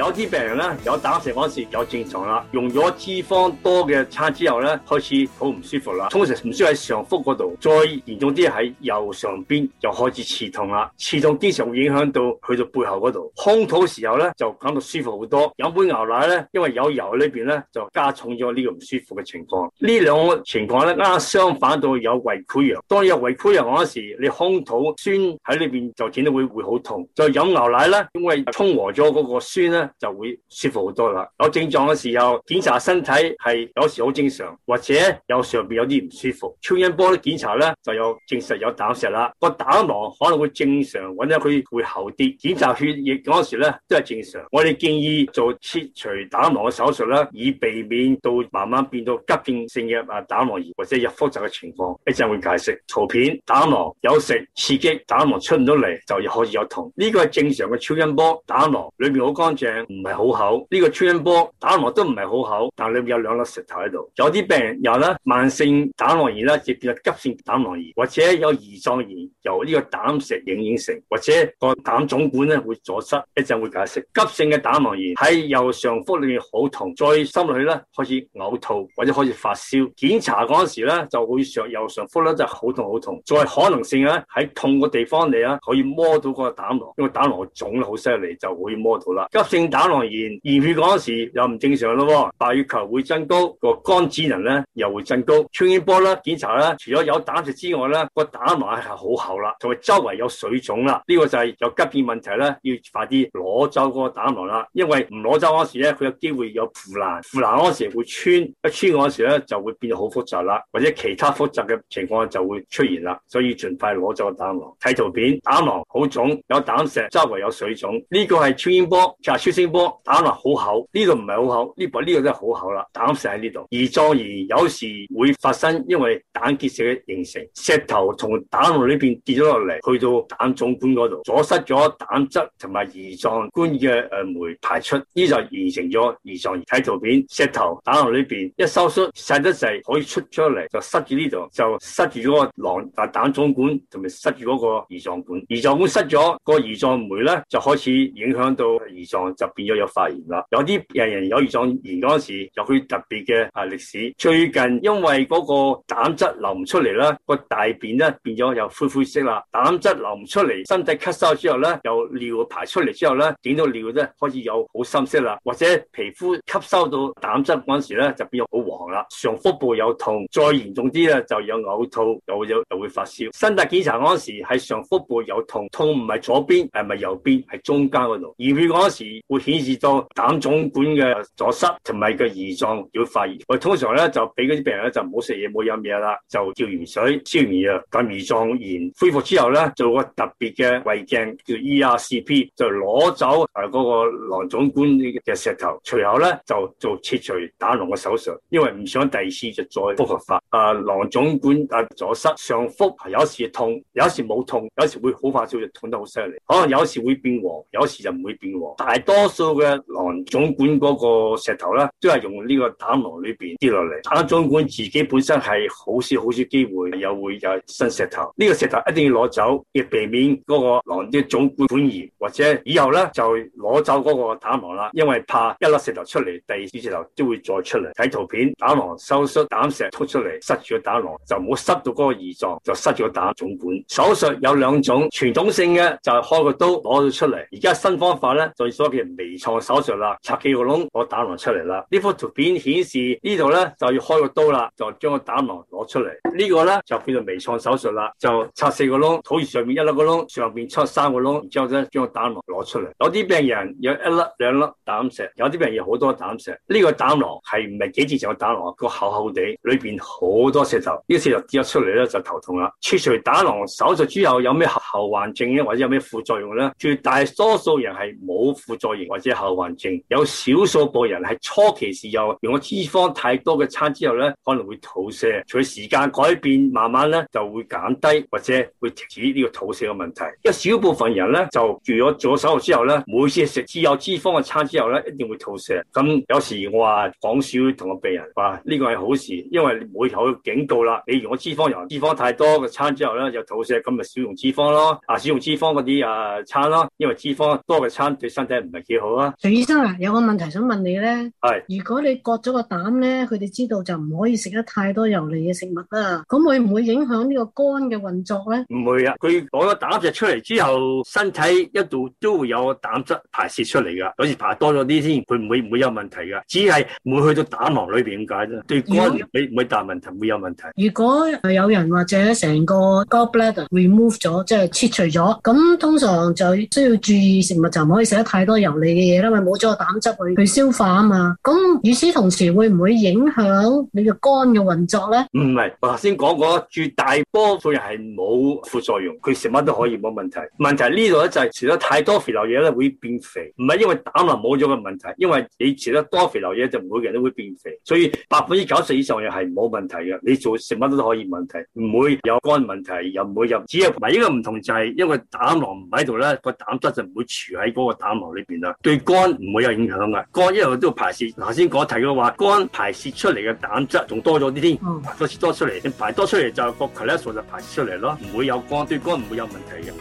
有啲病人呢，有膽石嗰時有症狀啦，用咗脂肪多嘅餐之後呢，開始好唔舒服啦。通常唔舒服喺上腹嗰度，再嚴重啲喺右上邊就開始刺痛啦。刺痛經常會影響到去到背後嗰度。空肚嘅時候呢，就感到舒服好多。飲杯牛奶呢，因為有油呢邊呢，就加重咗呢個唔舒服嘅情況。呢兩個情況呢，剛剛相反到有胃潰瘍。當有胃潰瘍嗰時，你空肚酸喺裏邊就點都會會好痛。就飲牛奶呢，因為中和咗嗰個酸咧。就會舒服好多啦。有症狀嘅時候，檢查身體係有時好正常，或者有上邊有啲唔舒服。超音波啲檢查咧，就有證實有膽石啦。個膽囊可能會正常，或者佢會厚啲。檢查血液嗰時咧都係正常。我哋建議做切除膽囊嘅手術啦，以避免到慢慢變到急性性嘅啊膽囊炎或者有複雜嘅情況。一陣會解釋圖片，膽囊有食刺激，膽囊出唔到嚟，就可以有痛。呢個係正常嘅超音波，膽囊裏邊好乾淨。唔係好厚，呢個穿波打落都唔係好厚，但係裏面有兩粒石頭喺度。有啲病人由咧慢性膽囊炎咧，就叫急性膽囊炎，或者有胰臟炎由呢個膽石影影成，或者個膽總管咧會阻塞。一陣會解釋。急性嘅膽囊炎喺右上腹裏面好痛，再心裏咧開始嘔吐，或者開始發燒。檢查嗰陣時咧就會上右上腹咧就好痛好痛，再可能性咧喺痛嘅地方嚟啊，可以摸到個膽囊，因為膽囊腫得好犀利，就可以摸到啦。急性膽囊炎，驗血嗰時又唔正常咯，白血球會增高，個肝機能咧又會增高。超音波啦，檢查啦，除咗有膽石之外咧，個膽囊係好厚啦，同埋周圍有水腫啦，呢、這個就係有急片問題咧，要快啲攞走嗰個膽囊啦，因為唔攞走嗰時咧，佢有機會有腐爛，腐爛嗰時候會穿，一穿嗰時咧就會變好複雜啦，或者其他複雜嘅情況就會出現啦，所以盡快攞走個膽囊。睇圖片，膽囊好腫，有膽石，周圍有水腫，呢、這個係超音波，就超聲。波膽核好厚，呢度唔係好厚，呢個呢個真係好厚啦。膽石喺呢度，胰臟炎有時會發生，因為膽結石嘅形成，石頭從膽囊呢邊跌咗落嚟，去到膽總管嗰度阻塞咗膽汁同埋胰臟管嘅誒酶排出，呢就形成咗胰臟炎。睇圖片，石頭膽囊呢邊一收縮細得滯，可以出出嚟，就塞住呢度，就塞住咗個囊，就係膽總管，同埋塞住嗰個胰臟管。胰臟管塞咗，個胰臟酶咧就開始影響到胰臟。就變咗有發炎啦，有啲人人有胰臟炎嗰陣時，有佢特別嘅啊歷史。最近因為嗰個膽汁流唔出嚟啦，個大便咧變咗有灰灰色啦。膽汁流唔出嚟，身體吸收之後咧，有尿排出嚟之後咧，整到尿咧開始有好深色啦，或者皮膚吸收到膽汁嗰陣時咧，就變咗好黃啦。上腹部有痛，再嚴重啲咧就有嘔吐，又有就會發燒。身體檢查嗰陣時係上腹部有痛，痛唔係左邊，係咪右邊？係中間嗰度，驗血嗰陣時。會顯示到膽總管嘅阻塞同埋個胰臟要發炎，我通常咧就俾嗰啲病人咧就唔好食嘢，唔好飲嘢啦，就吊鹽水、消炎藥，等胰臟炎恢復之後咧，做個特別嘅胃鏡叫 ERCP，就攞走誒嗰個膽總管嘅石頭，隨後咧就做切除膽囊嘅手術，因為唔想第二次就再復發誒，囊、呃、總管誒阻塞，上腹係有時痛，有時冇痛，有時會好快少就痛得好犀利，可能有時會變黃，有時就唔會變黃，大多。多數嘅膽總管嗰個石頭咧，都係用呢個膽囊裏邊跌落嚟。膽總管自己本身係好少好少機會又會有新石頭。呢個石頭一定要攞走，要避免嗰個膽啲總管管炎或者以後咧就攞走嗰個膽囊啦，因為怕一粒石頭出嚟，第二粒石頭都會再出嚟。睇圖片，膽囊收縮，膽石突出嚟，塞住個膽囊，就唔好塞到嗰個胰臟，就塞住個膽總管。手術有兩種，傳統性嘅就係開個刀攞咗出嚟，而家新方法咧就所微創手術啦，拆幾個窿，攞膽囊出嚟啦。呢幅圖片顯示呢度咧就要開個刀啦，就將膽、這個膽囊攞出嚟。呢個咧就叫做微創手術啦，就拆四個窿，肚臍上面一粒一個窿，上邊出三個窿，然之後咧將個膽囊攞出嚟。有啲病人有一粒、兩粒膽石，有啲病人有好多膽石。呢、這個膽囊係唔係幾次就嘅膽囊個厚厚地，裏邊好多石頭。呢、這個、石頭跌咗出嚟咧就頭痛啦。切除膽囊手術之後有咩後患症或者有咩副作用咧？絕大多數人係冇副作用。或者後患症，有少數個人係初期時有，如果脂肪太多嘅餐之後咧，可能會吐瀉。隨著時間改變，慢慢咧就會減低或者會停止呢個吐瀉嘅問題。有少部分人咧就做咗左咗手術之後咧，每次食只有脂肪嘅餐之後咧，一定會吐瀉。咁有時我話講少同個病人話呢個係好事，因為每口有警告啦。你如果脂肪油、脂肪太多嘅餐之後咧，就吐瀉咁咪少用脂肪咯，啊少用脂肪嗰啲啊餐咯，因為脂肪多嘅餐對身體唔係。幾好啊，徐醫生啊，有個問題想問你咧。係如果你割咗個膽咧，佢哋知道就唔可以食得太多油膩嘅食物啊。咁會唔會影響呢個肝嘅運作咧？唔會啊，佢攞個膽石出嚟之後，身體一度都會有膽汁排泄出嚟噶，好似排多咗啲先，佢唔會唔會有問題噶，只係會去到膽囊裏邊咁解啫。對肝你唔會大問題，唔會有問題。如果有人或者成個 gallbladder remove 咗，即係切除咗，咁通常就需要注意食物就唔可以食得太多油膩。你嘅嘢啦，咪冇咗個膽汁去去消化啊嘛？咁與此同時，會唔會影響你嘅肝嘅運作咧？唔係，我頭先講過，絕大多數人係冇副作用，佢食乜都可以冇問題。問題呢度咧就係食得太多肥流嘢咧，會變肥。唔係因為膽囊冇咗嘅問題，因為你食得多肥流嘢就每個人都會變肥。所以百分之九十以上嘅係冇問題嘅，你做食乜都可以，問題唔會有肝問題，又唔會有。只係同埋呢個唔同就係、是、因為膽囊唔喺度咧，個膽汁就唔會儲喺嗰個膽囊裏邊啦。對肝唔會有影響噶，肝因為都要排泄。嗱，先講提嘅話，肝排泄出嚟嘅膽汁仲多咗啲添，排多出嚟，排多出嚟就個 cholesterol 就排泄出嚟咯，唔會有肝對肝唔會有問題嘅。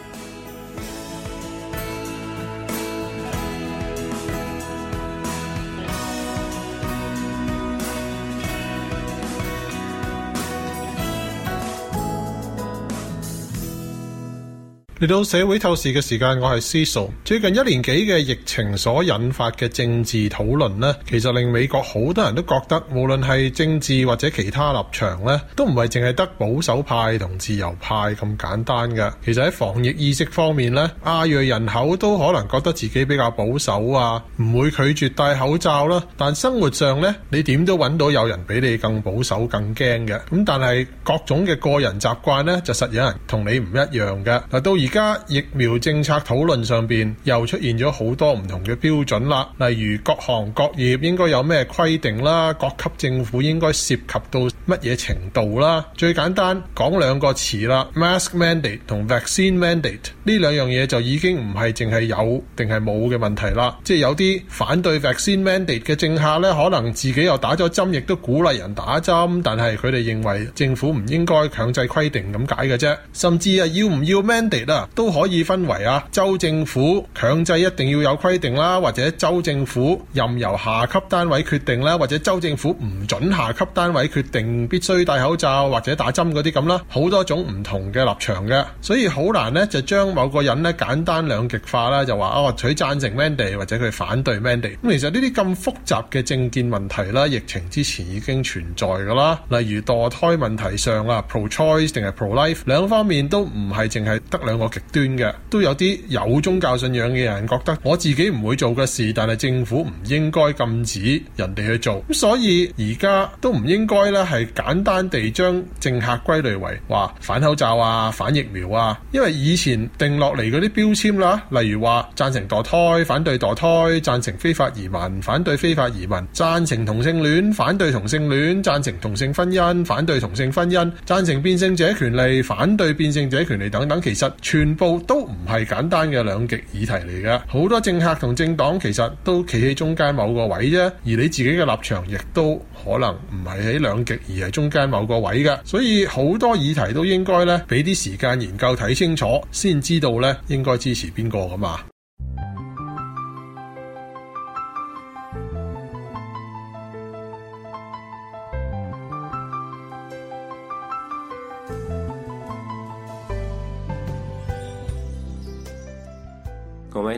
嚟到社會透視嘅時間，我係 Ciso。最近一年幾嘅疫情所引發嘅政治討論呢，其實令美國好多人都覺得，無論係政治或者其他立場呢，都唔係淨係得保守派同自由派咁簡單嘅。其實喺防疫意識方面呢，亞裔人口都可能覺得自己比較保守啊，唔會拒絕戴口罩啦。但生活上呢，你點都揾到有人比你更保守、更驚嘅。咁但係各種嘅個人習慣呢，就實有人同你唔一樣嘅。都而家疫苗政策討論上邊又出現咗好多唔同嘅標準啦，例如各行各業應該有咩規定啦，各級政府應該涉及到乜嘢程度啦。最簡單講兩個詞啦，mask mandate 同 vaccine mandate 呢兩樣嘢就已經唔係淨係有定係冇嘅問題啦。即係有啲反對 vaccine mandate 嘅政客呢，可能自己又打咗針，亦都鼓勵人打針，但係佢哋認為政府唔應該強制規定咁解嘅啫，甚至啊要唔要 mandate 啦？都可以分為啊，州政府強制一定要有規定啦，或者州政府任由下級單位決定啦，或者州政府唔準下級單位決定必須戴口罩或者打針嗰啲咁啦，好多種唔同嘅立場嘅，所以好難呢就將某個人呢簡單兩極化啦，就話哦取贊成 mandate 或者佢反對 mandate，咁其實呢啲咁複雜嘅政見問題啦，疫情之前已經存在㗎啦，例如墮胎問題上啊，pro choice 定係 pro life 兩方面都唔係淨係得兩個。極端嘅都有，啲有宗教信仰嘅人覺得我自己唔會做嘅事，但係政府唔應該禁止人哋去做。咁所以而家都唔應該咧，係簡單地將政客歸類為話反口罩啊、反疫苗啊。因為以前定落嚟嗰啲標籤啦，例如話贊成墮胎、反對墮胎；贊成非法移民、反對非法移民；贊成同性戀、反對同性戀；贊成同性婚姻、反對同性婚姻；贊成變性者權利、反對變性者權利等等。其實全全部都唔係簡單嘅兩極議題嚟㗎。好多政客同政黨其實都企喺中間某個位啫，而你自己嘅立場亦都可能唔係喺兩極，而係中間某個位嘅。所以好多議題都應該咧俾啲時間研究睇清楚，先知道咧應該支持邊個㗎嘛。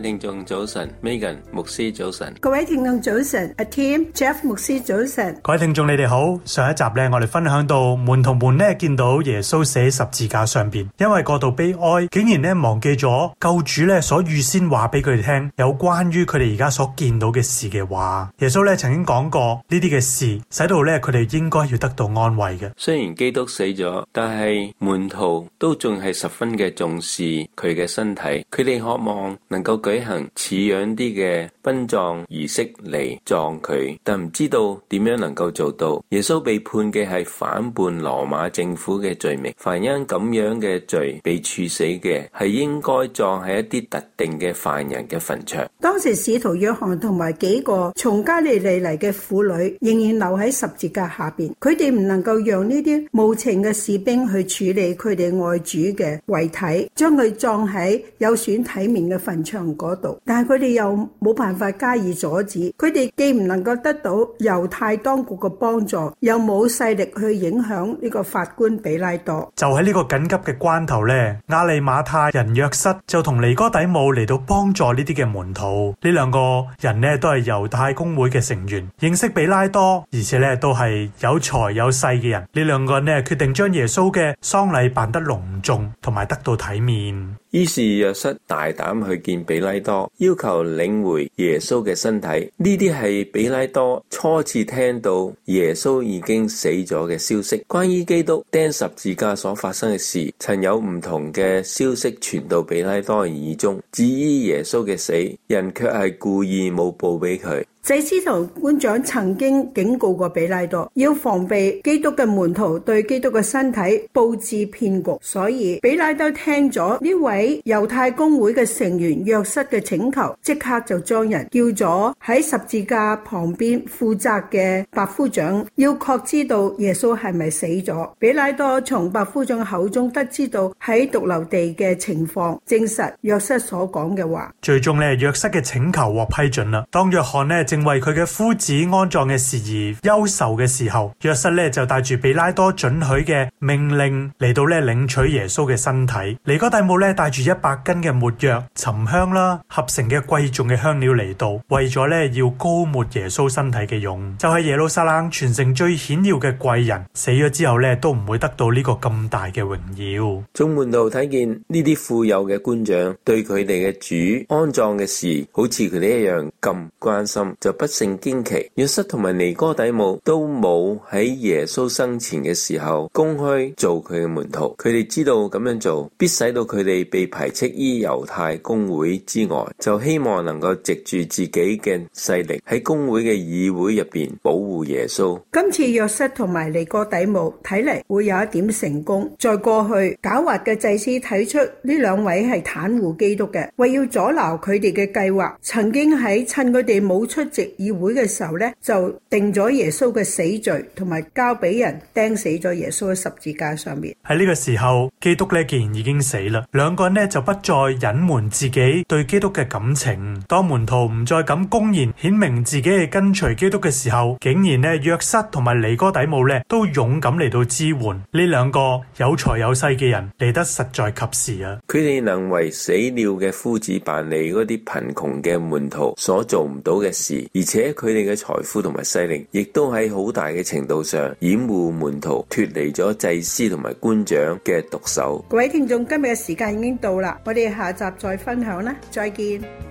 聽眾早晨，Megan 牧師早晨，各位聽眾早晨，阿 Tim Jeff 牧師早晨，各位聽眾你哋好。上一集咧，我哋分享到門徒們咧見到耶穌死喺十字架上邊，因為過度悲哀，竟然咧忘記咗救主咧所預先話俾佢哋聽有關於佢哋而家所見到嘅事嘅話。耶穌咧曾經講過呢啲嘅事，使到咧佢哋應該要得到安慰嘅。雖然基督死咗，但係門徒都仲係十分嘅重視佢嘅身體，佢哋渴望能夠。舉行似樣啲嘅殯葬儀式嚟葬佢，但唔知道點樣能夠做到。耶穌被判嘅係反叛羅馬政府嘅罪名，凡因咁樣嘅罪被處死嘅，係應該葬喺一啲特定嘅犯人嘅墳場。當時使徒約翰同埋幾個從加利利嚟嘅婦女仍然留喺十字架下邊，佢哋唔能夠讓呢啲無情嘅士兵去處理佢哋外主嘅遺體，將佢葬喺有損體面嘅墳場，嗰度，但係佢哋又冇辦法加以阻止。佢哋既唔能夠得到猶太當局嘅幫助，又冇勢力去影響呢個法官比拉多。就喺呢個緊急嘅關頭咧，亞利馬太人約瑟就同尼哥底姆嚟到幫助呢啲嘅門徒。呢兩個人咧都係猶太公會嘅成員，認識比拉多，而且咧都係有財有勢嘅人。呢兩個人咧決定將耶穌嘅喪禮辦得隆重，同埋得到體面。於是約瑟大膽去見比拉。多要求領回耶穌嘅身體，呢啲係比拉多初次聽到耶穌已經死咗嘅消息。關於基督釘十字架所發生嘅事，曾有唔同嘅消息傳到比拉多嘅耳中。至於耶穌嘅死，人卻係故意冇報俾佢。祭司長官長曾經警告過彼拉多，要防備基督嘅門徒對基督嘅身體布置騙局，所以彼拉多聽咗呢位猶太公會嘅成員約瑟嘅請求，即刻就將人叫咗喺十字架旁邊負責嘅百夫長，要確知道耶穌係咪死咗。彼拉多從百夫長口中得知到喺髑髏地嘅情況，證實約瑟所講嘅話。最終呢，約瑟嘅請求獲批准啦。當約翰呢。正為佢嘅夫子安葬嘅事而憂愁嘅時候，約瑟咧就帶住比拉多準許嘅命令嚟到，咧領取耶穌嘅身體。尼哥底母咧帶住一百斤嘅沒藥、沉香啦，合成嘅貴重嘅香料嚟到，為咗咧要膏抹耶穌身體嘅用。就係耶路撒冷全城最顯要嘅貴人，死咗之後咧都唔會得到呢個咁大嘅榮耀。眾門徒睇見呢啲富有嘅官長對佢哋嘅主安葬嘅事，好似佢哋一樣咁關心，就不勝驚奇，約瑟同埋尼哥底母都冇喺耶穌生前嘅時候公開做佢嘅門徒，佢哋知道咁樣做必使到佢哋被排斥於猶太公會之外，就希望能夠藉住自己嘅勢力喺公會嘅議會入邊保護耶穌。今次約瑟同埋尼哥底母睇嚟會有一點成功，在過去狡猾嘅祭司睇出呢兩位係袒護基督嘅，為要阻撓佢哋嘅計劃，曾經喺趁佢哋冇出公議會嘅時候呢，就定咗耶穌嘅死罪，同埋交俾人釘死咗耶穌嘅十字架上面。喺呢個時候，基督呢既然已經死啦，兩個人呢就不再隱瞞自己對基督嘅感情。當門徒唔再敢公然顯明自己係跟隨基督嘅時候，竟然呢約瑟同埋尼哥底母呢都勇敢嚟到支援。呢兩個有財有勢嘅人嚟得實在及時啊！佢哋能為死了嘅夫子辦理嗰啲貧窮嘅門徒所做唔到嘅事。而且佢哋嘅財富同埋勢力，亦都喺好大嘅程度上掩護門徒脫離咗祭司同埋官長嘅毒手。各位聽眾，今日嘅時間已經到啦，我哋下集再分享啦，再見。